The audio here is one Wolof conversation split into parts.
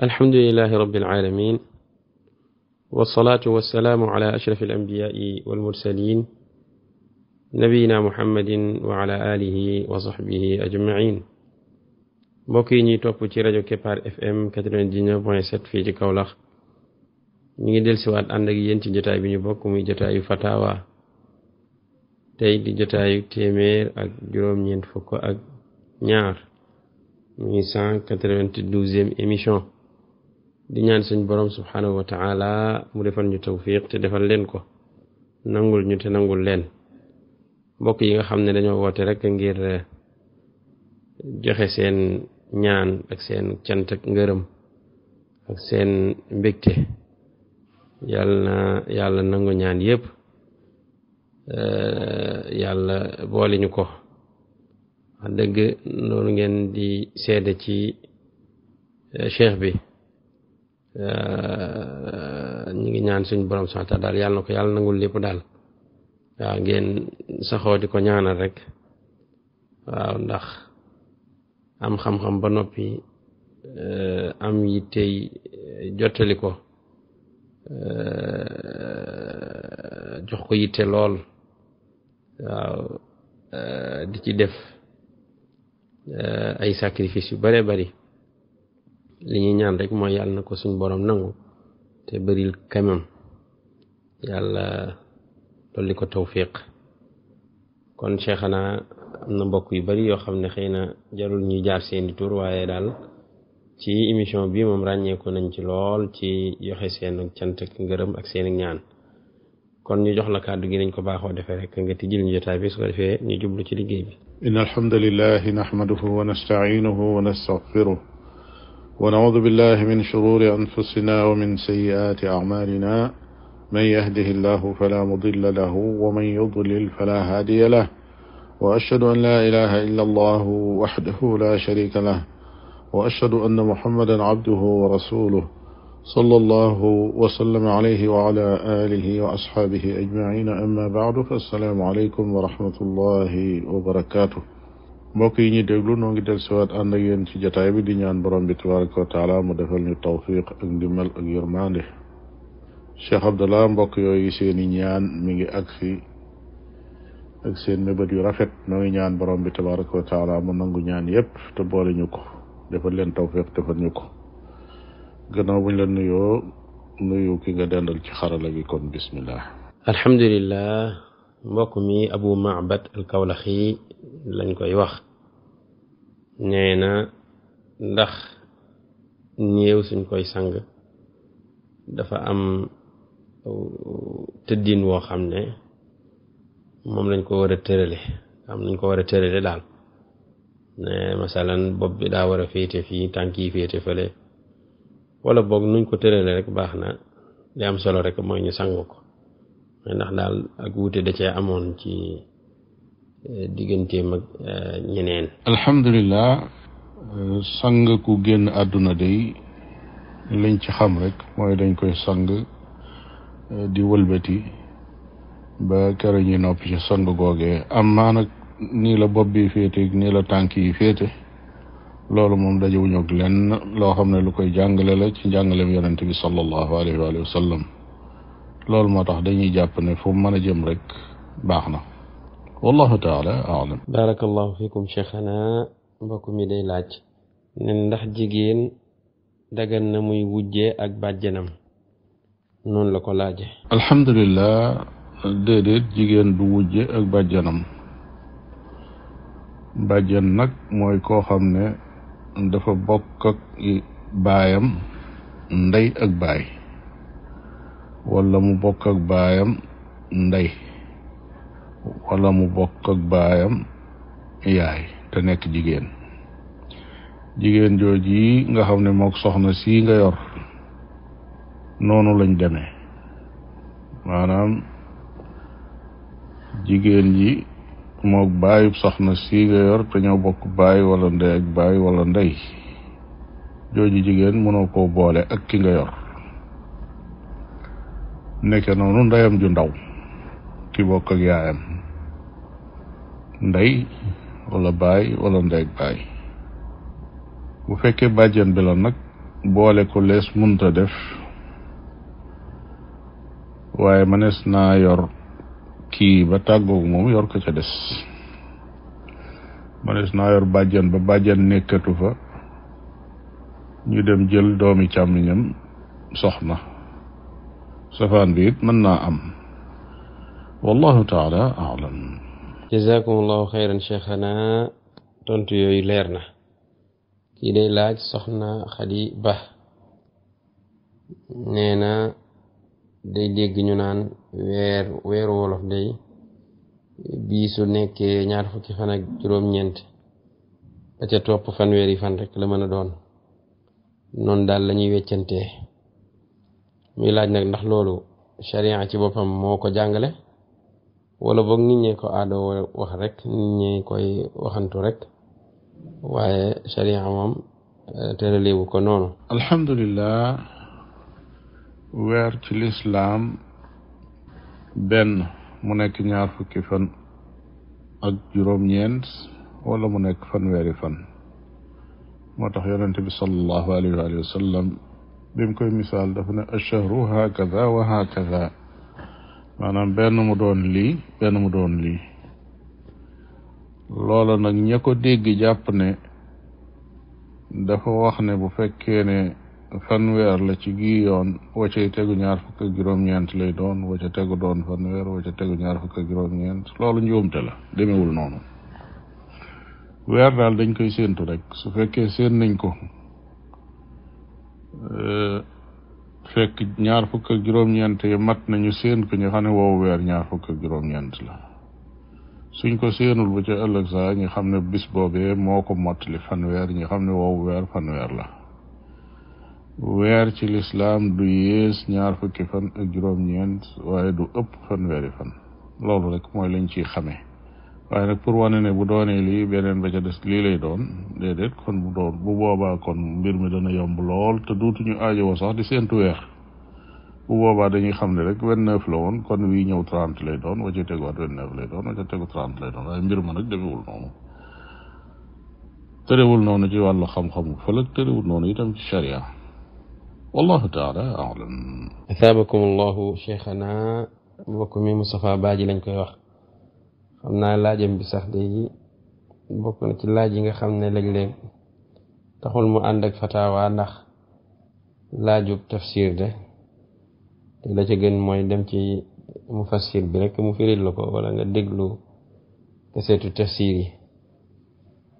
alhamdulilahi rabbil alamin wasalaatu wasalaamu ala ashrafi alambiyaai walmursalin nabiyina muhammadin wa ala alihi wa sahbihi ajmain mbokk yi ñuy topp ci rajo Kepar FM 99 point 7 fii ci Kaolack ñu ngi dellusiwaat ànd ak yéen ci jotaay bi ñu bokk muy jotaayu fatawa tey di jotaayu téeméer ak juróom-ñeent fukk ak ñaar muy cent quatre-vingt-douzième émission di ñaan suñ borom subhanahu wa taala mu defal ñu tawfiq te defal leen ko nangul ñu te nangul leen mbokk yi nga xam ne dañoo woote rek ngir eh, joxe seen ñaan ak seen cant ngërëm ak seen mbégte yàlla yàlla nangu ñaan yépp eh, yàlla boole ñu ko wax dëgg noonu ngeen di seede ci eh, cheikh bi Euh, ñi ngi ñaan suñ borom sant daal yàlla na ko yàlla nangul lépp daal waaw ngeen saxoo di ko ñaanal rek waaw ndax am xam-xam ba noppi euh, am yittey euh, jottali ko jox ko yitte lool waaw di ci def ay sacrifice yu bare bari li ñuy ñaan rek mooy yàlla na ko suñ boroom nangu te bëril kamam yàlla li ko tawfiq kon cheikhana am na mbokk yu bari yoo xam ne xëy na jarul ñuy jaar seeni tur waaye daal ci émission bi moom ràññeeku nañ ci lool ci joxe seen cant ak ngërëm ak seen ñaan kon ñu jox la kàddu gi nañ ko baaxoo defee rek nga tijjil ñu jotaay bi su ko defee ñu jublu ci liggéey bi in alhamdulillahi nahmaduhu wa nasta'inuhu wa nastaghfiruh ونعوذ بالله من شرور أنفسنا ومن سيئات أعمالنا من يهده الله فلا مضل له ومن يضلل فلا هادي له وأشهد أن لا إله إلا الله وحده لا شريك له وأشهد أن محمدا عبده ورسوله صلى الله وسلم عليه وعلى آله وأصحابه أجمعين أما بعد فالسلام عليكم ورحمة الله وبركاته mbokk yi ñuy déglu noo ngi del siwaat ànd ak yéen ci jataay bi di ñaan borom bi tabaraka wa taala mu defal ñu tawfiq ak ndimbal ak yërmande cheikh abdallah mbokk yooyu seeni ñaan mi ngi agsi ak seen mébét yu rafet noo ñaan borom bi tabaraka wa taala mu nangu ñaan yépp te boole ñu ko defal leen tawfiq defal ñu ko gannaaw buñ la nuyoo nuyu ki nga dendal ci xarala gi kon bismillah alhamdulillah mbokk mi abu maabad al kawlaxi lañ koy wax nee na ndax néew suñ koy sang dafa am tëddin woo xam ne moom lañ ko war a tërale am nuñ ko war a tërale daal ne bopp bi daa war a féete fii tànk yi féete fële wala boog nuñ ko tërale rek baax na li am solo rek mooy ñu sang ko ndax daal ak wuute da ci amoon ci eh, digganteem ak eh, ñeneen. alhamdulilah sang ku génn àdduna day lañ ci xam rek mooy dañ koy sang eh, di wëlbati ba keroog noppi ci sang googee amaa nag nii la bopp bi féete nii tànk yi féete loolu moom dajewuñu ak lenn loo xam ne lu koy jàngale la ci njàngalem yonente bi sallallahu alayhi wa sallam loolu moo tax dañuy jàpp ne fu mu mën a jëm rek baax na wallahu taala aalam barakallahu fikum cheikhana mbokk mi day laaj ne ndax jigéen dagan na muy wujje ak bàjjanam noonu la ko laaje alhamdulilah déedéet jigéen du wujje ak bàjjanam bàjjan nag mooy koo xam ne dafa bokk ak baayam ndey ak baay wala mu bokk ak baayam ndey wala mu bokk ak baayam yaay te nekk jigéen jigéen jooju yi nga xam ne mook soxna sii nga yor noonu lañ deme maanaam jigéen ji mook baayub soxna sii nga yor te ñoo bokk baay wala ndey ak baay wala ndey jooju jigéen mënoo ko boole ak ki nga yor nekke noonu ndeyam ju ndaw ki bokk ak yaayam ndey wala baay wala ndey ak baay bu fekkee bàjjen bi la nag boole ko lees munta def waaye mënees naa yor kii ba tàggoog moom yor ko ca des mënees naa yor bàjjen ba bàjjen nekkatu fa ñu dem jël doomi càmmiñam soxna safaan bi it mën naa am wallahu taala aalam jazakumullahu xayran cheikhana tontu yooyu leer na kii day laaj soxna Xadi Ba nee na day dégg ñu naan weer weeru wolof day bii su nekkee ñaar fukki fan juróom-ñeent da ca topp fanweeri fan rek la mën a doon noon daal la ñuy weccantee muy laaj nag ndax loolu sharia ci boppam moo ko jàngale wala boog nit ñee ko aado wax rek nit ñee koy waxantu rek waaye sharia moom eh, tëraleewu ko noonu alhamdulilah weer ci lislaam benn mu nekk ñaar fukki fan ak juróom-ñeent wala mu nekk fanweeri fan moo tax yonente bi sallallahu alayhi wa bi koy misaal dafa ne achahru hakada wa hakada maanaam benn mu doon lii benn mu doon lii loola nag ña ko dégg jàpp ne dafa wax ne bu fekkee ne fanweer la ci gii yoon wacay tegu ak juróom-ñeent lay doon waca tegu doon tegu ñaar fukk ak juróom-ñeent loolu njuumte la demewul noonu weer daal dañ koy séentu rek su fekkee séen nañ ko fekk ñaar fukk ak juróom-ñeent yi mat nañu seen ko ñu xam ne woowu weer ñaar fukk ak juróom-ñeent la suñ ko seenul bu ca ëllëg ñi xam ne bis boobee moo ko li mottali fanweer ñi xam ne woowu weer fanweer la weer ci lislaam du yées ñaar fukki fan ak juróom-ñeent waaye du ëpp fanweeri fan loolu rek mooy lañ ciy xamee waaye nag pour wane ne bu doonee lii beneen ba ca des lii lay doon déedéet kon bu doon bu boobaa kon mbir mi dana yomb lool te dootuñu aajowoo sax di seentu weex bu boobaa dañuy xam ne rek vingt neuf la woon kon wii ñëw trente lay doon wa ca teguwaat vingt neuf lay doon wa ca tegu trente lay doon waaye mbir ma nag demewul noonu tërewul noonu ci wàllu xam-xamu fëlëg tërewul noonu itam ci charia wallahu taala alam athabakum allahu cheikhana mbokk mi Moustapha Badji lañ koy wax xam naa laajam bi sax léegi bokk na ci laaj yi nga xam ne léeg-léeg taxul mu àndak ak ndax laajub tafsir de te la ca gën mooy dem ci mufassir bi rek mu firil la ko wala nga déglu kaseetu tafsir yi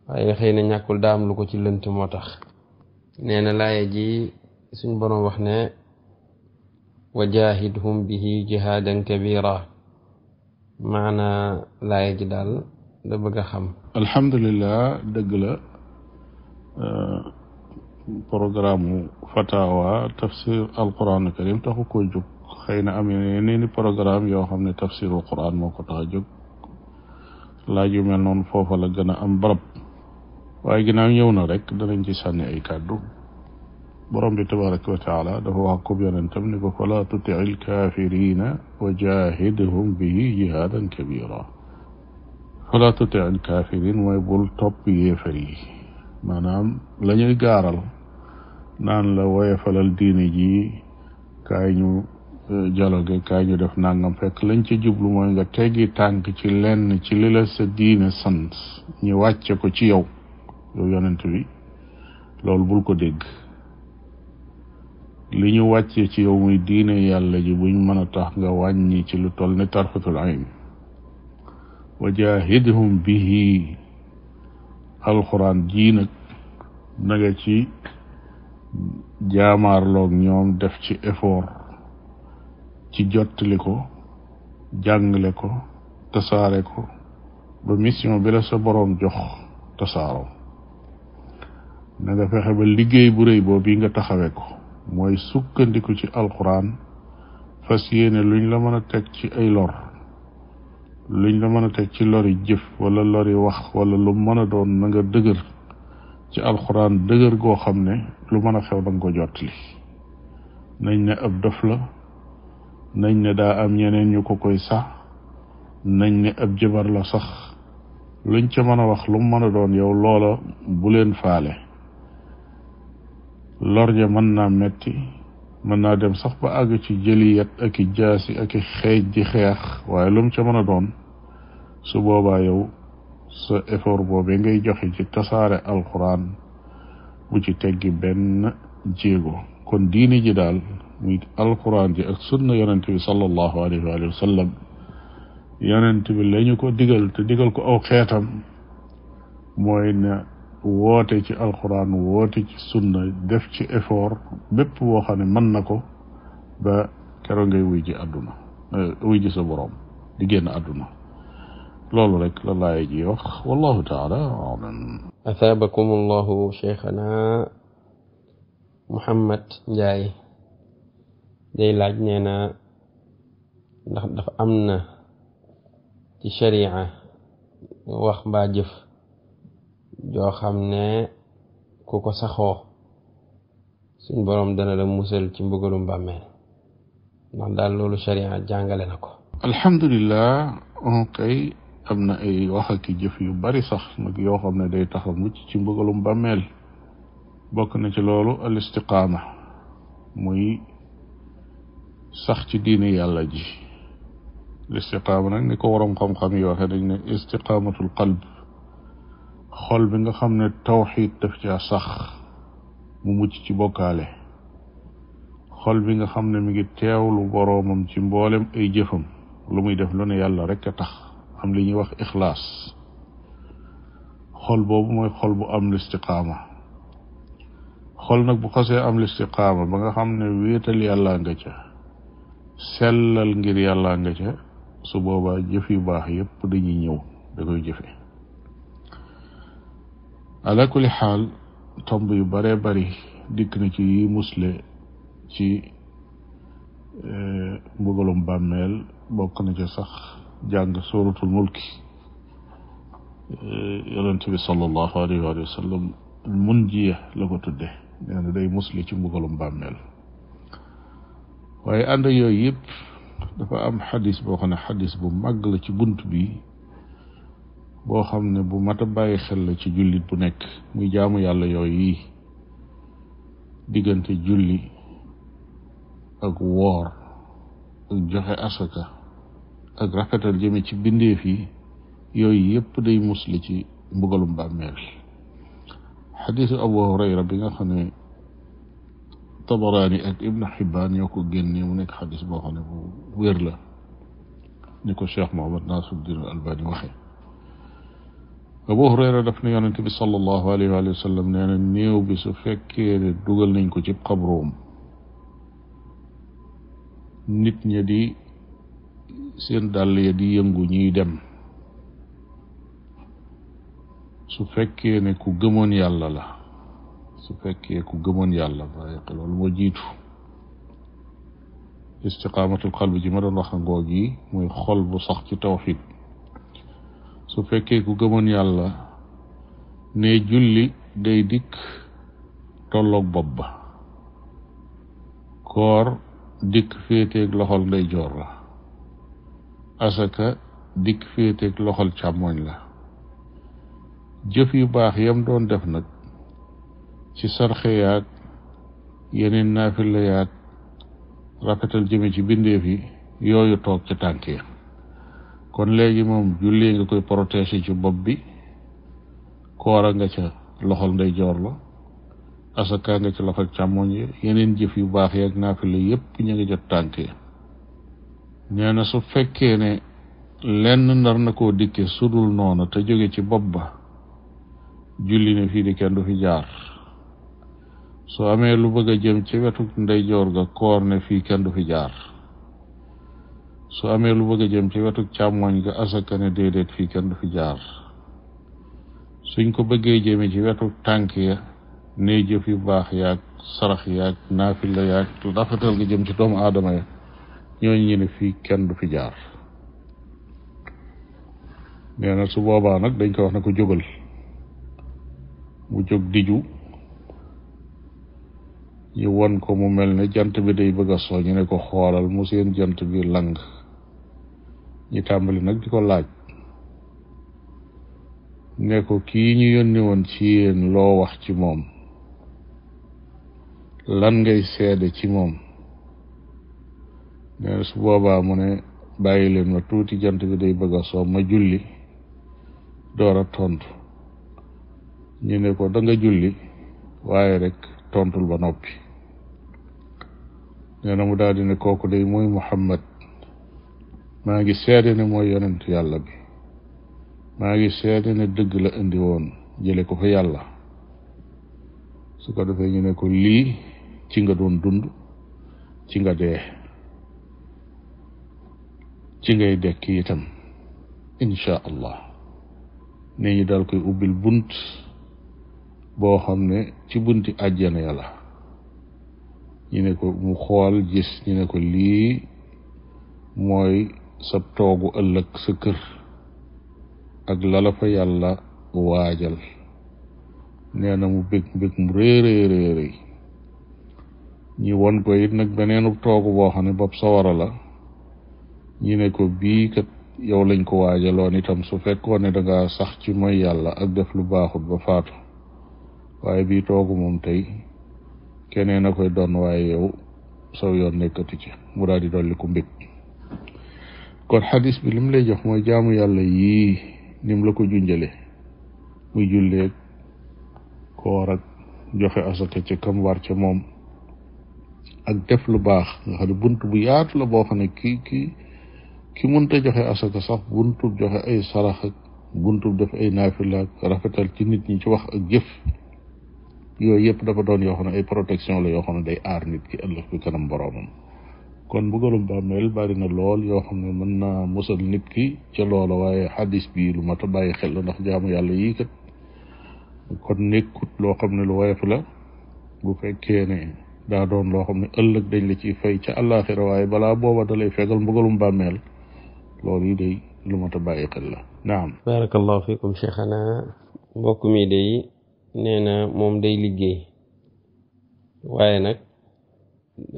waaye xëy na ñàkkul daam lu ko ci lënt moo tax nee na laaye ji suñ boroom wax ne wajaahidhum bihi jihaadan kabira maana laay ji daal da bëgg a xam alhamdulilah dëgg la euh, programme fatawa tafsir alquran karim taxu koo jóg xëy na am yeneen i programme yoo xam ne tafsiru quran moo ko tax a jóg laaj yu foofa la gën am barab waaye ginnaaw ñëw na rek danañ ci sànni ay kàddu borom bi tabaraka wa taala dafa wax ko yonentam ni ko fala tuti lkafirina wa jahidhum bihi jihadan kabira fala tuti lkafirin mooy bul topp yéefar yi maanaam la ñuy gaaral naan la woyefalal diine ji euh, kaay ñu def nangam fekk lañ ci jublu mooy nga teggi tànk ci lenn ci li la sa diine sant ñi wàcce ko ci yow yow yonent bi loolu bul ko dégg li ñu wàccee ci yow muy diine yàlla ji buñ mën a tax nga wàññi ci lu toll ne tarfatul ayn wa jaahidhum bihi alxuraan jii nag na nga ci jaamaarloog ñoom def ci effort ci jottali ko jàngale ko tasaare ko ba mission bi la sa boroom jox tasaaroo na nga fexe liggéey bu rëy boobu nga taxawe ko mooy sukkandiku ci alxuraan fas yéene luñ la mën a teg ci ay lor luñ la mën a teg ci lori jëf wala lori wax wala lu mën a doon na nga dëgër ci alxuraan dëgër goo xam ne lu mën a xew da nga jot jottali nañ ne ab dof la nañ ne daa am ñeneen ñu ko koy sax nañ ne ab jabar la sax luñ ca mën a wax lu mën a doon yow loola bu leen faale lor ja mën naa metti mën naa dem sax ba àgg ci jëliyat ak jaasi ak xeej di xeex waaye lu ca mën a doon su boobaa yow sa effort boobee ngay joxe ci tasaare alxuraan mu ci teggi benn jéego kon diini ji daal muy alxuraan ji ak sunna yonent bi sallallahu alayhi wa sallam bi lañu ko digal te digal ko aw xeetam mooy na woote ci alxuraan woote ci sunna def ci effort bépp woo xam ne mën na ko ba keroog ngay wuy ji àdduna eh, wuy ji boroom di génn àdduna loolu rek la laay ji wax wallahu taala alam athaabakum allahu Muhammad Njaay day laaj nee na ndax dafa am na ci wax mbaa jëf joo xam ne ku ko saxoo suñ boroom dana la musal ci mbugalum bàmmeel ndax daal loolu sharia jàngale na ko alhamdulilah ah, kay am na ay wax ak jëf yu bari sax nag yoo xam ne day tax a mucc ci mbugalum bàmmeel bokk na ci loolu al istiqaama muy sax ci diine yàlla ji al nag ni ko waroom xam-xam yi waxe dañ ne xol bi nga xam ne tawxiid daf caa sax mu mucc ci bokkaale xol bi nga xam ne mi ngi teewlu boroomam ci mboolem ay jëfam lu muy def lu ne yàlla rek a tax am li ñuy wax ixlaas xol boobu mooy xol bu am listiqaama xol nag bu xasee am listiqaama ba nga xam ne wéetal yàlla nga ca sellal ngir yàlla nga ca su boobaa jëf yu baax yépp dañuy ñëw da koy jëfe ala kulli xaal tomb yu bare bari dikk na ci musle ci e, mbugalum bàmmeel bokk na ci sax jàng suratul mulki e, yonent bi sallallahu alayhi wa sallam munjiya la ko tudde nee na day musle ci mbugalum bàmmeel waaye ànd yooyu yëpp dafa am xadis boo xam ne xadis bu màgg la ci bunt bi boo xam ne bu mat a bàyyi xel la ci jullit bu nekk muy jaamu yàlla yooyu yi diggante julli ak woor ak joxe asaka ak rafetal jëme ci bindeef yi yooyu yépp day musli ci mbugalum bàmmeel xadiisu abu hurayra bi nga xam ne tabaraani ak ibnu xibaan yoo ko génnee mu nekk xadis boo xam ne bu wér la ni ko cheikh mohamad nasiruddin albani waxe Abu Hurayra daf ne yonente bi sallallahu alayhi wa sallam nee na néew bi su fekkee dugal nañ ko ci xabroom nit ña di seen dàll ya di yëngu ñuy dem su fekkee ne ku gëmoon yàlla la su fekkee ku gëmoon yàlla bàyyi xel loolu moo jiitu istiqaamatul xalbi ji ma doon wax a yi mooy xol bu sax ci tawxiid su fekkee ku gëmoon yàlla ne julli day dikk tolloog bopp ba koor dikk féeteeg loxol ndeyjoor la asaka dikk féeteeg loxol càmmoñ la jëf yu baax yem doon def nag ci sarxe yeneen naafila yaag rafetal jëme ci bindeef yi yooyu toog ca tànk kon léegi moom julli nga koy protéger ci bopp bi koora nga ca loxol nday joor la asaka nga ci loxol càmmoñ yi yeneen jëf yu baax yi ak naafila yépp ñu ngi jot tànk yi nee na su fekkee ne lenn nar na koo dikke sudul noona te jóge ci bopp ba julli ne fii di kenn du fi jaar soo amee lu bëgg a jëm ci wetu ndeyjoor ga koor ne fii kenn du fi jaar su amee lu bëgg a jëm ci wetu càmmoñ ga asaka ne déedéet fii kenn du fi jaar suñ ko bëggee jëme ci wetu tànk ya ne jëf yu baax yaag sarax yaag naafila yaag rafetal ga jëm ci doomu aadama ya ñooñu ne fii kenn du fi jaar nee su boobaa nag dañ ko wax ne ko jógal mu jóg diju ñu won ko mu mel ne jant bi day bëgg a soo ñu ne ko xoolal mu seen jant bi lang ñu tàmbali nag di ko laaj ne ko kii ñu yónni woon ci yéen loo wax ci moom lan ngay seede ci moom nee su boobaa mu ne bàyyi leen ma tuuti jant bi day bëgg a soo ma julli door a tontu ñu ne ko da nga julli waaye rek tontul ba noppi nee na mu daal di ne kooku day mooy Muhammad maa ngi seede ne mooy yonent yàlla bi maa ngi seede ne dëgg la indi woon jële ko fa yàlla su ko defee ñu ne ko lii ci nga doon dund ci nga dee ci ngay dekki itam insha allah nee ñu daal koy ubbil bunt boo xam ne ci bunti àjjana yàlla ñu ne ko mu xool gis ñu ne ko lii mooy sab toogu ëllëg sa kër ak lala fa yàlla waajal nee na mu bég bég mu réeréeréeréy ñi won ko it nag beneenu toogu boo xam ne bopp sawara la ñi ne ko bii kat yow lañ ko waajaloon itam su fekkoon ne danga sax ci mooy yàlla ak def lu baaxut ba faatu waaye bi toogu moom tey keneen a koy doon waaye yow saw yoon nekkati ci mu daal di dolli ko kon xadis bi lim lay jox mooy jaamu yàlla yii nim la ko junjale muy julleeg koor ak joxe asaka ca kam war ca moom ak def lu baax nga xam bunt bu yaatu la boo xam ne ki ki mun mënta joxe asaka sax buntub joxe ay sarax bunt bu def ay naafila ak rafetal ci nit ñi ci wax ak jëf yooyu yëpp dafa doon yoo xam ne ay protection la yoo xam ne day aar nit ki ëllëg bi kanam boroomam kon mbugalum bàmmeel bari na lool yoo xam ne mën naa musal nit ki ca loola waaye xadis bi lu ma a bàyyi xel la ndax jaamu yàlla yii kat kon nekkut loo xam ne lu woyof la bu fekkee ne daa xam ne ëllëg dañ ci fay ca àllaaxira waaye balaa booba da lay fegal mbugalum bàmmeel loolu yi day lu mat a bàyyi xel la naam barakallahu fikum cheikhana mbokk mi day moom day liggéey waaye nag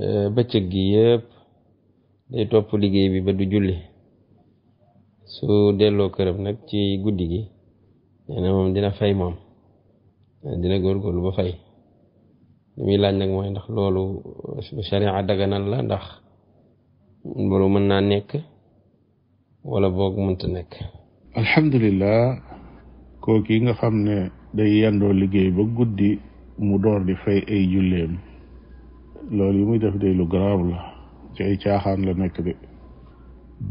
eh, bëccëg gi day topp liggéey bi ba du julli su delloo këram nag ci guddi gi nee na moom dina fay moom dina góorgóorlu ba fay li muy laaj nag mooy ndax loolu sharia daganal la ndax loolu mën naa nekk wala boog mënta nekk alhamdulillah kooki nga xam ne day yendoo liggéey ba guddi mu door di fay ay julleem loolu yi muy def day lu garaaw ci ay caaxaan la nekk de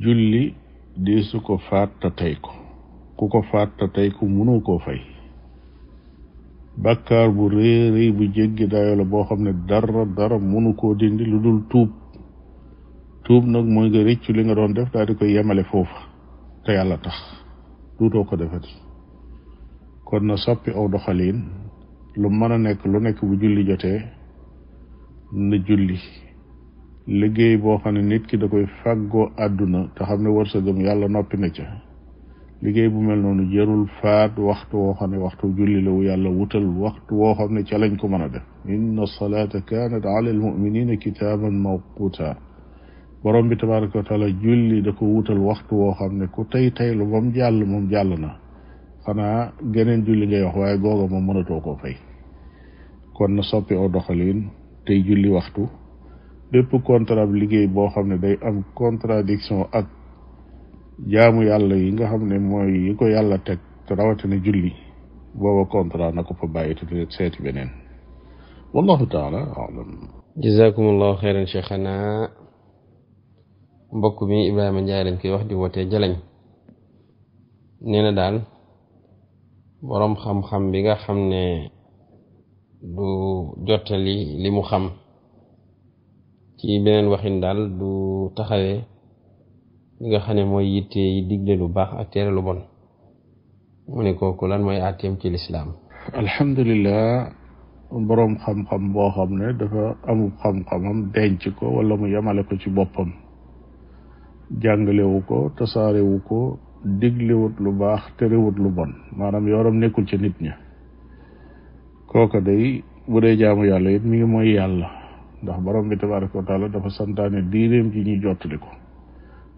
julli di su ko faat te tey ko ku ko faat tey ku mënoo koo fay bàkkaar bu rëy rëy bu jéggi dayo la boo xam ne dara dara mënu koo dindi lu dul tuub tuub nag mooy nga rëccu li nga doon def daal di koy yemale foofa te yàlla tax duutoo ko defati kon na soppi aw doxaliin lu mën a nekk lu nekk bu julli jotee na julli liggéey boo xam ne nit ki da koy fàggoo àdduna te xam ne sa wërsëgam yàlla noppi na ca liggéey bu mel noonu jarul faat waxtu woo xam ne waxtu julli la wu yàlla wutal waxtu woo xam ne ca lañ ko mën a def inna salaata kaanat ala almuminina kitaaban mawquta borom bi tabaraka wa taala julli da ko wutal waxtu woo xam ne ku tey tey lu mu jàll moom jàll na xanaa geneen julli ngay wax waaye googa moom mënatoo koo fay kon na soppi aw doxalin tey julli waxtu bépp contrat bi liggéey boo xam ne day am contradiction ak jaamu yàlla yi nga xam ne mooy yi ko yàlla teg te rawatina julli booba contrat na ko fa bàyyi te seeti beneen wallahu taala alam jazakumullahu xeyran cheikhana mbokk mi Ibrahima Ndiaye lañ koy wax di wootee jalañ nee na daal boroom xam-xam bi nga xam ne du jottali li mu xam ci beneen waxin daal du taxawee li nga xam ne mooy yitte yi digle lu baax ak tere lu bon mu ne kooku lan mooy àtteem ci lislaam alhamdulilah boroom xam-xam boo xam ne dafa amub xam-xamam denc ko wala mu yemale ko ci boppam jàngalewu ko tasaarewu ko diglewut lu baax terewut lu bon maanaam yoram nekkul ca nit ña kooka day bu dee jaamu yàlla it mi ngi mooy yàlla ndax borom bi tabaraka wa taala dafa santaane diineem ci ñuy jottali ko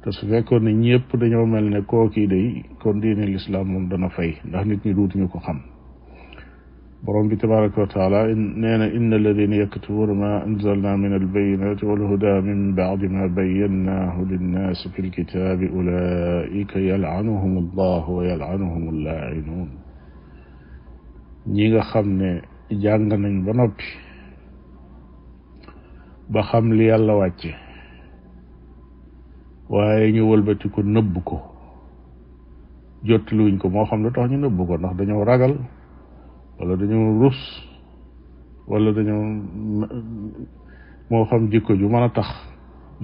te su fekkoon ne ñëpp dañoo mel ne kookii day kon diine lislaam moom dana fay ndax nit ñi duutuñu ko xam borom bi tabaraka wa taala nee na inna alladina yaktubuuna ma anzalna min albayinati walhuda min bacdi ma bayannahu linnaasi fi lkitaabi ulaika yalcanuhum allah wa yalcanuhum allaacinuun ñi nga xam ne jàng nañ ba noppi ba xam li yàlla wàcce waaye ñu wëlbati ko nëbb ko jottaliwuñ ko moo xam lu tax ñu nëbb ko ndax dañoo ragal walla dañoo rus wala dañoo moo xam jikko ju mën a tax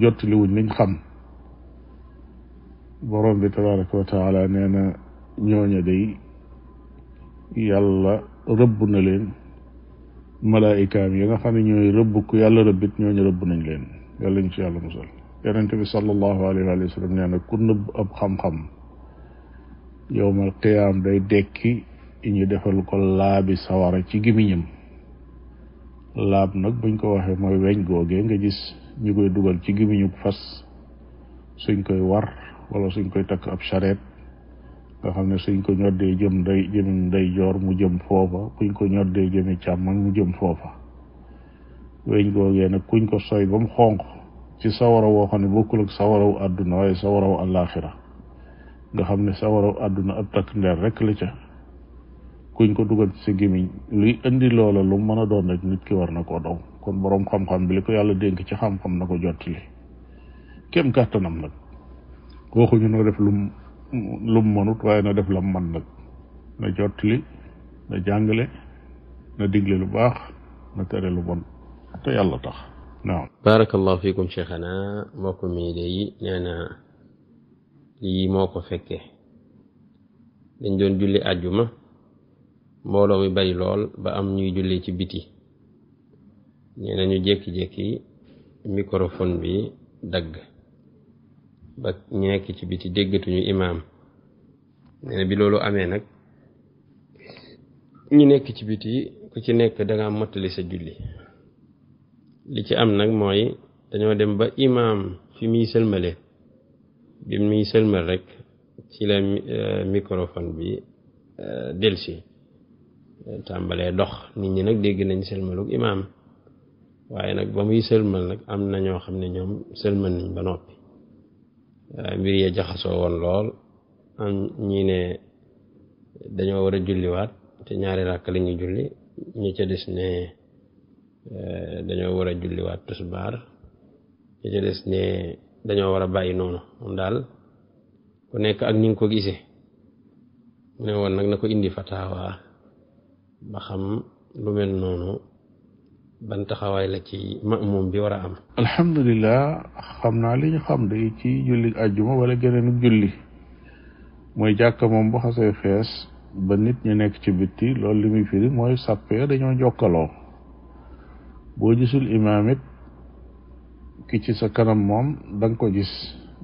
jottaliwuñ liñ xam borom bi tabaraka wa taala nee na ñooña day yàlla rëbb na leen malaayikaam yi nga xam ne ñooy rëbb ku yàlla rëbbit ñooñu rëbb nañ leen yàlla ñu ci yàlla musal yonente bi sallallahu alayhi wa sallam nee na ku nëbb ab xam-xam yowmal qiyaam day dekki ñu defal ko laabi sawara ci gimiñam laab nag buñ ko waxee mooy weñ googee nga gis ñu koy dugal ci gimiñu fas suñ koy war wala suñ koy takk ab charrette nga xam ne suñ ko ñoddee jëm day jëmi nday joor mu jëm foofa kuñ ko ñoddee jëmi càmmoñ mu jëm foofa weñ googee nag kuñ ko soy ba mu xonq ci sawara woo xam ne bokkul ak sawaraw àdduna waaye sawaraw àllaaxira nga xam ne sawaraw àdduna ab takk ndeer rek la ca kuñ ko dugal ci sa gémmiñ luy indi loola lu mën a doon rek nit ki war na koo daw kon boroom xam-xam bi li ko yàlla dénk ci xam-xam na ko jottali kem kàttanam nag waxuñu noo def lu lum mënut waaye na def lam man nag na jottali na jàngale na digle lu baax na tere lu bon te yàlla tax naam barakallahu fiikum cheikhana mbokk mi de yi nee na moo ko fekke dañ doon julli àjjuma mbooloo mi bari lool ba am ñuy julli ci biti nee na ñu jékki-jékki microphone bi dagg ba ñu nekk ci biti déggatuñu imaam nee bi loolu amee nag ñu nekk ci biti ku ci nekk danga mottali sa julli li ci am nag mooy dañoo dem ba imaam fi muy sëlmale bi muy sëlmal rek ci la euh, microphone bi euh, delsi tàmbalee dox nit ñi nag dégg nañ sëlmalug imaam waaye nag ba muy sëlmal nag am na ñoo xam ne ñoom sëlmal nañ ba noppi mbir ya jaxasoo woon lool am ñi ne dañoo war a julliwaat te ñaari ràkk la ñu julli ñi des ne eh, dañoo war a julliwaat tusbaar ñi des ne dañoo war a bàyyi noonu moom daal ku nekk ak ni ko gisee mu ne woon nag na ko indi fataawa ba xam lu mel noonu ban taxawaay la ci ma'muum bi alhamdulilah xam naa li ñu xam day ci julli ajjuma wala geneen julli mooy jàkk moom bu xasee fees ba nit ñu nekk ci bitti loolu li muy firi mooy sàppe dañoo jokkaloo boo gisul imaam it ki ci sa kanam moom danga ko gis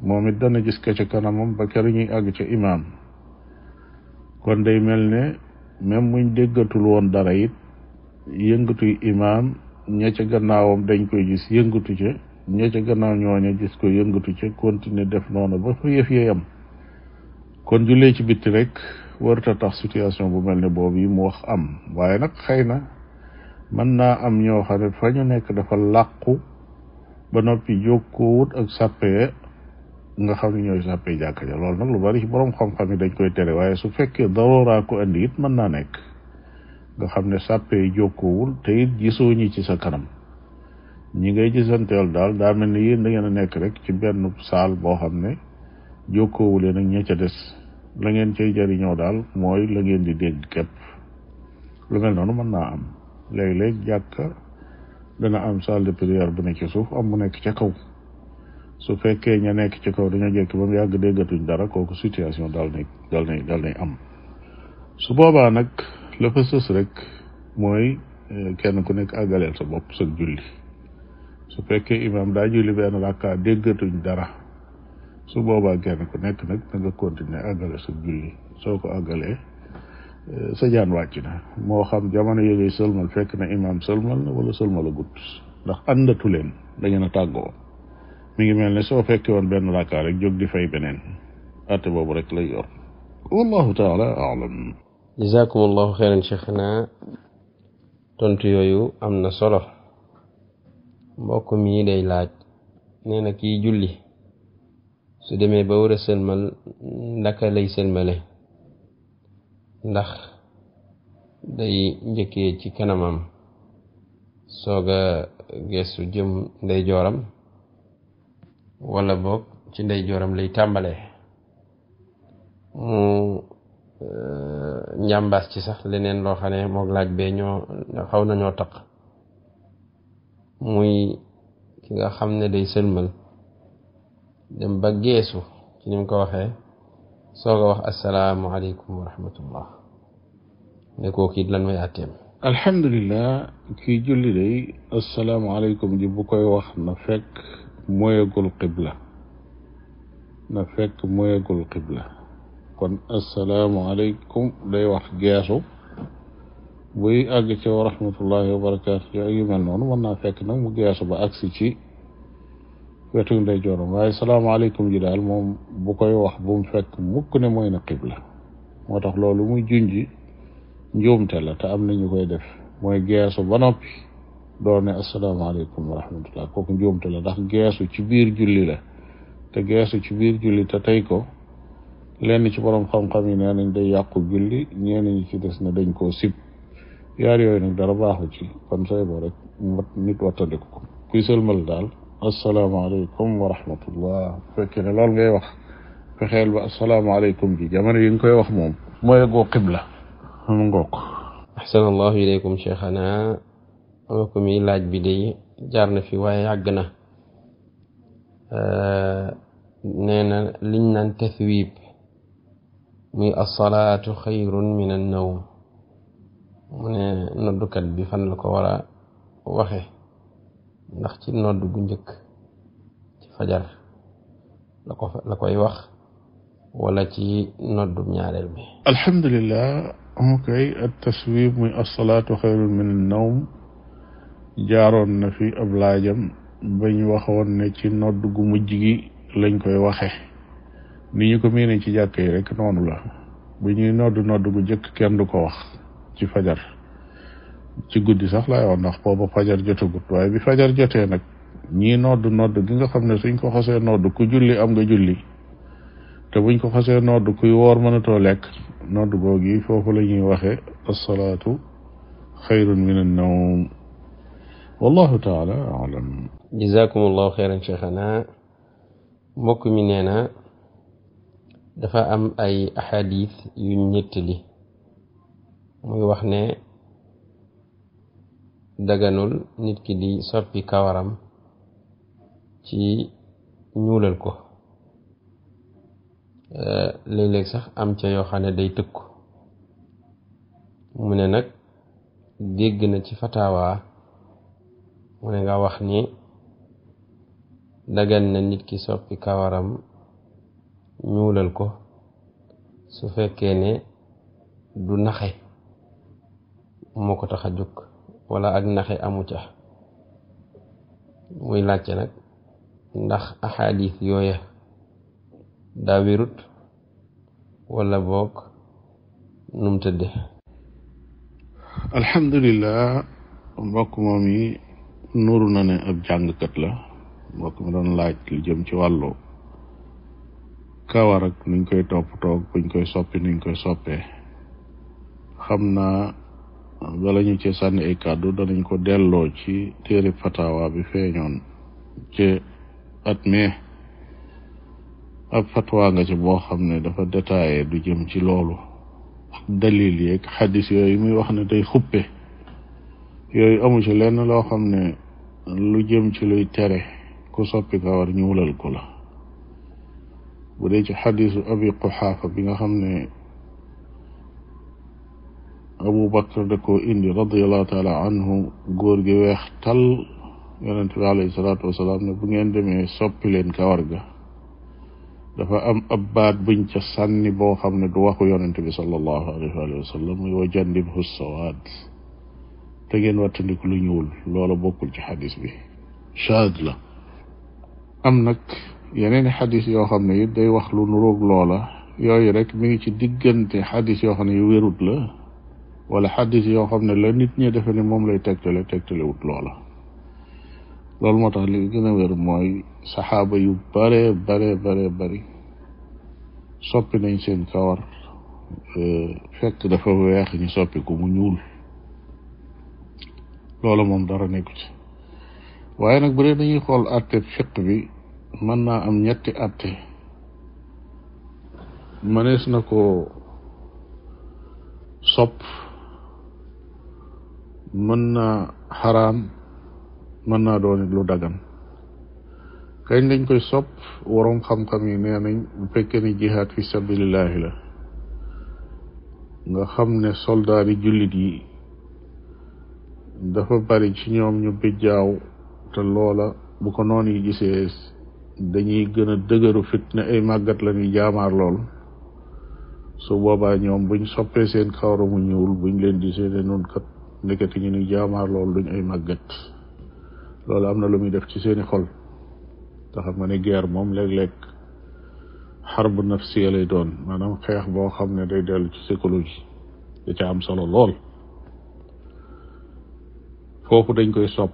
moom it dana gis ka ca kanamam ba kër ñuy àgg ca imaam kon day mel ne même muñ déggatul woon dara it yëngatuy imaam ña gannaawam dañ koy gis yëngatu ca ña ca gannaaw ñooña gis ko yëngatu ca continuer def noonu ba fa yëf yee kon jullee ci bitti rek warta tax situation bu mel ne boobu yi mu wax am waaye nag xëy na mën naa am ñoo xam ne fa ñu nekk dafa làqu ba noppi jokkoowut ak sàppee nga xam ne ñooy sàppee jàkka ja loolu nag lu bari ci boroom xam-xam yi dañ koy tere waaye su fekkee daroraa ko indi it mën naa nekk nga xam ne sàppee jokkoowul te it gisoo ñi ci sa kanam ñi ngay gisanteel daal daa mel ni yéen da ngeen a nekk rek ci benn saal boo xam ne jokkoowulee nag ña ca des la ngeen cay jariñoo daal mooy la ngeen di dégg képp lu mel noonu mën naa am léeg-léeg jàkka dana am salle de prière bu nekk ci suuf am bu nekk ca kaw su fekkee ña nekk ci kaw dañoo jekk ba mu yàgg déggatuñ dara kooku situation daal nay daal nay am su boobaa nag la fa sës rek mooy eh, kenn ku nekk àggaleel sa bopp sa julli su fekkee imaam daa julli benn rakka déggatuñ dara su boobaa kenn ku nekk nag da nga continuer àggale sa julli soo ko àggalee eh, sa jaan wàcc na moo xam jamono yi ngay sëlmal fekk na imaam sëlmal na wala sëlmal a gudd ndax àndatu leen da ngeen tàggoo mu ngi mel ne soo fekkee woon benn rakka rek jóg di fay beneen atte boobu rek lay yor wallahu taala alam jazakumullahu xeyran cheikhna tontu yooyu am na solo mbokk mi day laaj nee na ki julli su demee ba war a sëlmal ndaka lay ndax day njëkkee ci kanamam soog a geesu jëm ndey jooram wala boog ci ndey jooram lay tàmbalee Euh, njàmbaas ci sax leneen loo xam ne laaj bee ñoo xaw na ñoo taq muy ki nga xam ne day sëlmal dem ba geesu ci ni mu ko waxee soo ko wax asalaamualeykum wa rahmatullah ne kooku it lan may àtteem alhamdulilah kii julli day asalaamualeykum ji bu koy wax na fekk moyagul qibla na fekk moyagul qibla kon asalaamualeykum day wax geesu buy àgg ci wa rahmatullahi wa barakaatu ci yu noonu mën naa fekk na mu geesu ba aksi ci wetu ndey joorom waaye salaamaaleykum ji daal moom bu koy wax bu mu fekk mukk ne mooy na xibla moo tax loolu muy junji njuumte la te am na ñu koy def mooy geesu ba noppi doone ne asalaamaaleykum wa rahmatullah kooku njuumte la ndax geesu ci biir julli la te geesu ci biir julli te tey ko lenn ci borom xam-xam yi nee nañ day yàqu julli ñenn ci des na dañ koo sib yaar yooyu nag dara baaxu ci kon say boo rek wat nit wattandiku ko kuy daal asalaamaaleykum wa rahmatullah fekkee ne loolu ngay wax fexeel ba asalaamaaleykum bi jamono yi koy wax moom mooy goo xibla mu ngook ahsanallahu ileykum ko mi laaj bi day jaar na fi waaye yàgg na nee na liñ muy asalaatu xayrun min an nawm mu noddukat bi fan la ko war waxe ndax ci nodd gu njëkk ci fajar la koy wax wala ci noddu ñaareel bi alhamdulillah mu koy at taswib muy asalaatu xayrun min an nawm jaaroon na fi ab bañ waxoon ne ci nodd gu mujj gi lañ koy waxe ni ñu ko miine ci jàkk rek noonu la bu ñuy noddu nodd bu njëkk kenn du ko wax ci fajar ci guddi sax laay wax ndax booba fajar jotagut waaye bi fajar jotee nag ñii nodd nodd gi nga xam ne suñ ko xasee nodd ku julli am nga julli te buñ ko xasee nodd kuy woor mënatoo lekk nodd googi foofu la ñuy waxee asalaatu xayrun min annawm wallahu taala alam jazakum allahu xeyran cheikhana mbokk mi nee dafa am ay axadis yu li muy wax ne daganul nit ki di soppi kawaram ci ñuulal ko euh, léeg-léeg sax am ca yoo xam ne day tëkku mu ne nag dégg na ci fataawaa mu ne nga wax ni dagan na nit ki soppi kawaram ñuulal ko su fekkee ne du naxe moo ko tax a jóg walla ak naxe amu ca muy laajte nag ndax axaadis yooya daa wérut wala boog nu mu tëdde alhamdulilah mbokk moom yi nuru na ne ab jàngkat la mbokk mi doon laaj lu jëm ci wàllu kawar ak nuñ koy topp toog buñ koy soppi nuñ koy soppee xam naa bala ñu cee sànni ay kàddu danañ ko delloo ci téere fatawa bi feeñoon ci at mee ab fatwa nga ci boo xam ne dafa détaillé du jëm ci loolu ak dalil yeeg xadis yooyu muy wax ne day xuppe yooyu amu ci lenn loo xam ne lu jëm ci luy tere ku soppi kawar ñuulal ko la bu dee ci xadisu abi quxaafa bi nga xam ne abu bakar da koo indi radiallahu taala anhu góor gi weex tal yonent bi alayhi ngeen demee soppi leen kawar ga dafa am ab baat buñ ca sànni boo xam ne du waxu yonent bi sallallahu alayhi wa sallam muy wa jandibhu sawaad lu ñuul loola bokkul ci xadis bi shaad la am nag yeneen i xadis yoo xam ne it day wax lu nu nuroog loola yooyu rek mi ngi ci diggante xadis yoo xam ne yu wérut la wala xadis yoo xam ne la nit ñi defe ne moom lay le tegtalewut loola loolu moo tax li gën a wér mooy saxaaba yu bare bare bare bari soppi nañ seen kawar e, fekk dafa weex ñu soppi ko mu ñuul loola moom dara nekku ci waaye nag xool àtte fiq bi mën naa am ñetti atte mënees na ko sop mën naa xaraam mën naa doon lu dagan kañ lañ koy sopp waroom xam-xam yi nee bu fekkee ni jihaad fi sabilillahi la nga xam ne soldaar yi jullit yi dafa bari ci ñoom ñu bijjaaw te loola bu ko noon yi gisee dañuy gën a dëgëru fit ne ay màggat la ñuy jaamaar lool su boobaa ñoom buñ soppee seen xawramu ñuul buñ leen di seene noonu kat nekkati ñu ni jaamaar lool duñ ay màggat loolu am na lu muy def ci seeni xol te xam nga ne guerre moom xar bu xarbu nafsiya lay doon maanaam xeex boo xam ne day dellu ci psychologie da ca am solo lool foofu dañ koy sopp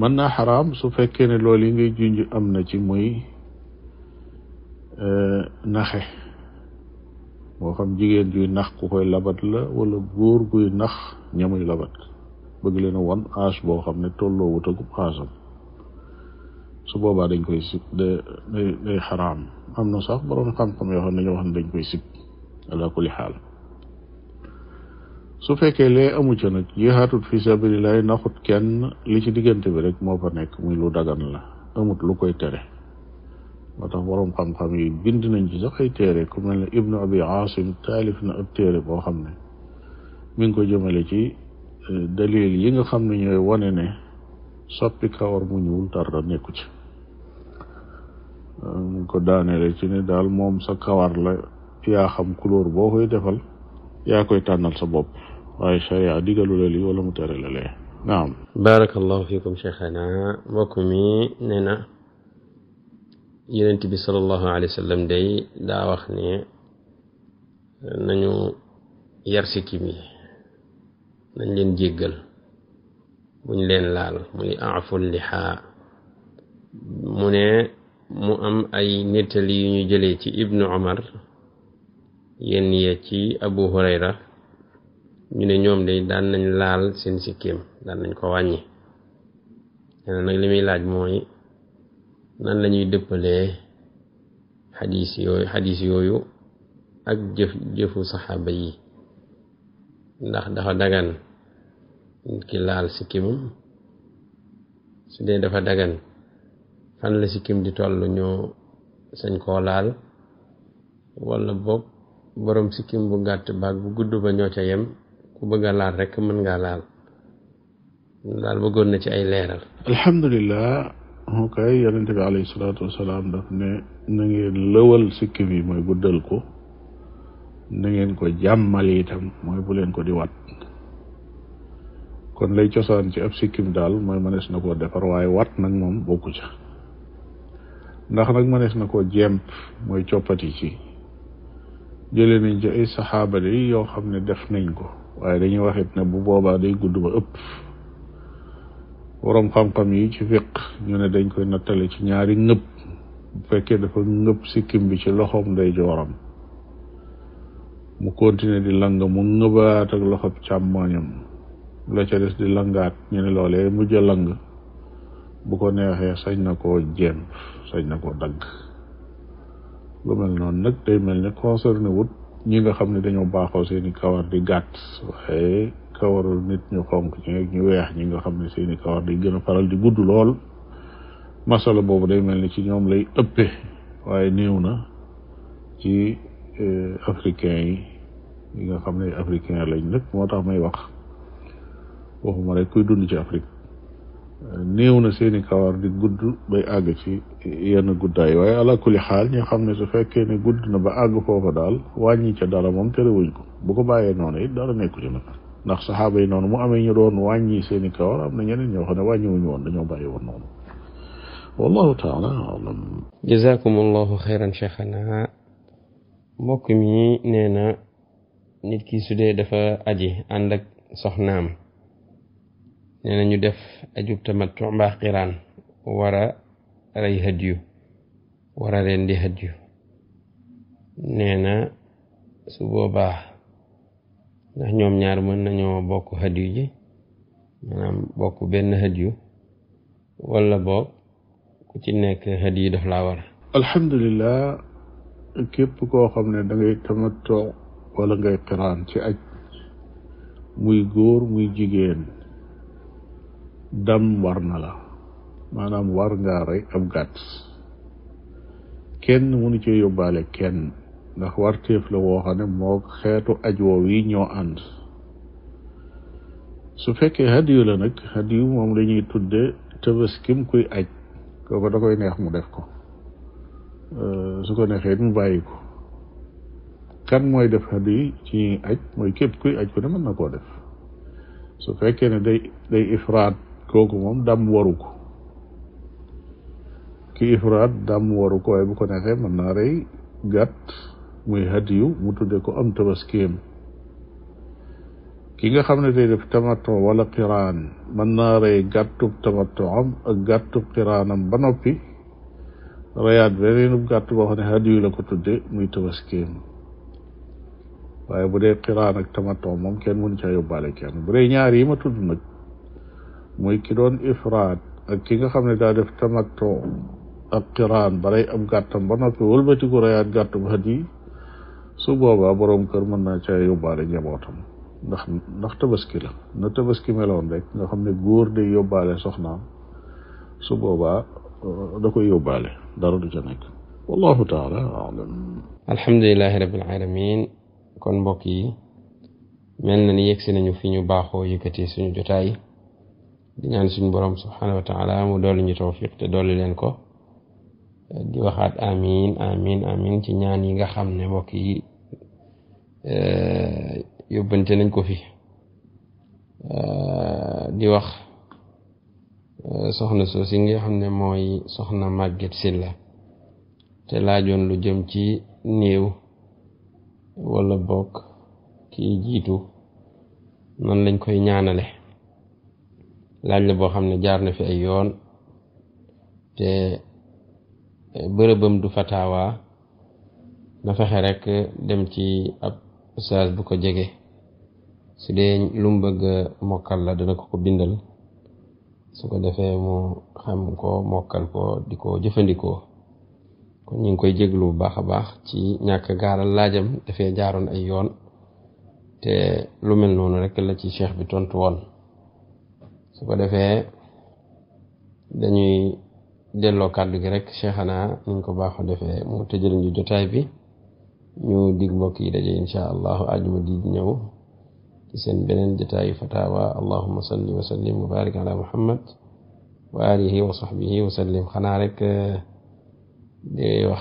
mën naa xaraam su fekkee ne loolu yi ngay junj am na ci muy euh, naxe moo xam jigéen juy nax ku koy labat la walla góor guy nax ñamuy labat bëgg leen a won âge boo xam ne tolloo wutagub xaasam su boobaa dañ koy sib da day day am na sax boroom xam-xam yoo xam ne dañoo wax ne dañ koy sib ala xaal su fekkee lee amu ca nag jihaatut fi sabilillahi naxut kenn li ci diggante bi rek moo fa nekk muy lu dagan la amut lu koy tere moo tax boroom xam-xam yi bind nañ ci sax ay téere ku mel na ibnu abi aasim taalif na ab téere boo xam ne mi ngi ko jëmale ci eh, dalil yi nga xam ne ñooy wane ne soppi kawar mu ñuul dara nekku ci eh, mu ko daaneele ci ne daal moom sa kawar la yaa xam couleur boo koy defal yaa koy tànnal sa bopp waaye charia digalu la lii wala mu tere la naam barakallahu fiikum cheikhana mbokk mi nee na yonent bi sallallahu alayhi wa sallam day daa wax ne nañu yar sikkim yi leen jéggal buñ leen laal muy aaful lixaa mu ne mu am ay nettali yu ñu jëlee ci ibnu omar yenn ya ci abu hurayra ñu ne ñoom de daan nañ laal seen sikkim daan nañ ko wàññi nee nag li muy laaj mooy nan lañuy dëppalee xadiis yooyu ak jëf jëfu saxaaba yi ndax dafa dagan nit ki laal sikkimam su dee dafa dagan fan la sikkim di toll ñoo sañ koo laal walla bopp boroom sikkim bu ngàtt baag bu gudd ba ñoo ca yem ku bëgg a laal rekk mën ngaa laal daal bëggoon na ci ay leeral alhamdulilah kay yonente bi alayhi sikkim yi mooy guddal ko na ngeen ko jàmmal itam mooy bu leen ko di wat kon lay cosaan ci ab sikkim daal mooy mënees na koo defar waaye wat nag moom bokku ca ndax nag mënees na koo jemp mooy coppati ci jële nañ ci ay saxaaba yi yoo xam ne def nañ ko waaye dañuy waxit ne bu boobaa day gudd ba ëpp woroom xam-xam yi ci fiq ñu ne dañ koy nattale ci ñaari ngëb bu fekkee dafa ngëb sikkim bi ci loxoom day jooram mu continuer di lang mu ngëbaat ak loxob càmmoñam la ca des di langaat ñu ne loolee mujj a lang bu ko neexee sañ na koo jéem sañ na koo dagg lu mel noonu nag day mel ne concerné wut ñi nga xam ne dañoo baaxoo seeni kawar di gàtt waaye kawaru nit ñu xonk ñi ñu weex ñi nga xam ne seeni kawar di gën a faral di gudd lool masala boobu day mel ni ci ñoom lay ëppee waaye néew na ci eh, africain yi ñi nga xam ne africain lañ nag moo tax may wax waxuma rek kuy dund ci Afrique néew na seeni kawar di gudd bay àgg ci yenn guddaay waaye ala kulli xaal ñu xam ne su fekkee ne gudd na ba àgg foofa daal wàññi ca dara moom terewuñ ko bu ko bàyyee noonu it dara nekku ci nag ndax saxaaba yi noonu mu amee ñu doon wàññi seeni kawar am na ñeneen ñoo xam ne wàññiwuñu woon dañoo bàyyi woon noonu wallahu taala alam jazakumullahu xayran cheikhana mbokk mi nee na nit ki su dee dafa aji ànd ak soxnaam nee na ñu def ajub tamattu mbaax xiraan war a rey hadiyu war a rendi hadiyu nee na su boobaa ndax ñoom ñaar mën nañoo bokk hadiyu ji maanaam bokk benn hadiyu wala boog ku ci nekk hadiyu daf laa war alhamdulilah képp koo xam ne da ngay tamattu wala ngay xiraan ci aj muy góor muy jigéen dam war na la maanaam war ngaa rey ab gàtt kenn mënu ce yóbbaale kenn ndax warteef la woo xam ne moo xeetu aj woow yi ñoo ànd su fekkee hadiyu la nag hadiyu moom la ñuy tudde tëbaskim kuy aj kooku da koy neex mu def ko euh, su ko neexee mu bàyyi ko kan mooy def hadiyu ci ñuy aj mooy képp kuy aj ku ne mën na koo def su fekkee ne day ifraat kooku moom dàmm waru ko ki ifraat dam waru ko waaye bu ko neexee mën naa rey gàtt muy hadiyu mu tudde ko am tabaskeem ki nga xam ne day def tamato wala qiraan man naa rey gàttub tamato am ak gàttub qiraanam ba noppi reyaat beneenub gàtt boo xam ne hadiyu la ko tudde muy tabaskeem waaye bu dee qiraan ak tamato moom kenn mënu caa yóbbaale kenn bu dee ñaar yi ma tudd nag muy ki ifraat ak ki nga xam ne daa def tamattu ak qiraan balay am gàttam ba noppi wëlbatiku reyaat gàttum xat yi su boobaa boroom kër mën naa caa yóbbaale njabootam ndax ndax tabaski la tabaski meloon rek nga xam ne góor day yóbbaale soxna su boobaa uh, da koy yóbbaale dara du ca nekk taala alam alhamdulilahi rabbil alamin kon mbokk yi mel na ni yegsi nañu fi ñu baaxoo yëkkati suñu jotaay di ñaan suñu borom subhanahu wa taala mu dolli ñu tawfiq te dolli leen ko di waxaat amin amin ci ñaan yi nga xam ne mbokk yi eh, yóbbante nañ ko fi eh, di wax eh, soxna soosi nga xam ne mooy soxna Maguette Sylla te laajoon lu jëm ci niiw wala bokk kii jiitu noonu lañ koy ñaanale laaj la boo xam ne jaar na fi ay yoon te bërëbam du fataawa na fexe rek dem ci ab ustaas bu ko jege su dee lu mu bëgg mokkal la dana ko ko bindal su ko defee mu xam ko mokkal ko di ko jëfandikoo kon ñu ngi koy jéglu bu baax a baax ci ñàkk gaaral laajam dafee jaaroon ay yoon te lu mel noonu rek la ci cheikh bi tontu woon su ko defee dañuy delloo kàddu gi rek cheikhana ni ñu ko baaxoo defee mu tëjal ñu jotaay bi ñu dig mbokk yi daje incha allahu ajuma di ñëw ci seen beneen jotaayu fatawa allahuma salli wa sallim wa muhammad wa alihi wa sahbihi wa xanaa rek di wax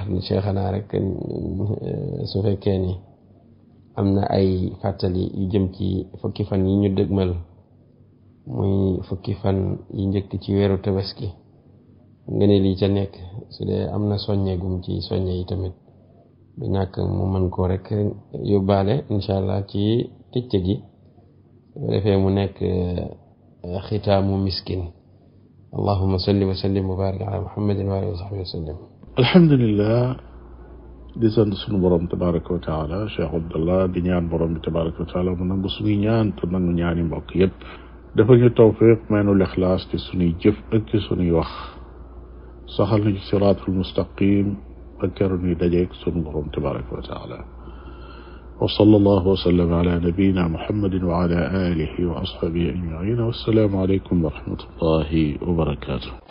rek su fekkee ni am na ay fàttali yu jëm ci fukki fan yi ñu dëgmal muy fukki fan yi njëkk ci weeru tabaski ki ne lii ca nekk su dee am na soññe gum ci soññe yi tamit du ñàkk mu mën koo rek yóbbaale incha allah ci tëcce gi su defee mu nekk eh, xitaamu miskin allahuma salli wa sallim wa barik ala muhammadin wa alihi wa sahbihi wa sunu borom tabaraka wa taala cheikh abdallah di ñaan borom bi tabaraka wa taala mu nangu suñuy ñaan te nangu ñaani mbokk yépp dafa ñu tawfiq may nu lixlaas ci sunuy jëf ak ci sunuy wax saxal nañu siraatul mustaqim ak keru ñuy dajeeg sunu borom tabaraka wa taala wa sallallahu wa sallam ala nabiyina muhammadin wa ala alihi wa ashabihi ajmaina wassalaamu aleykum wa rahmatullahi wa barakatuh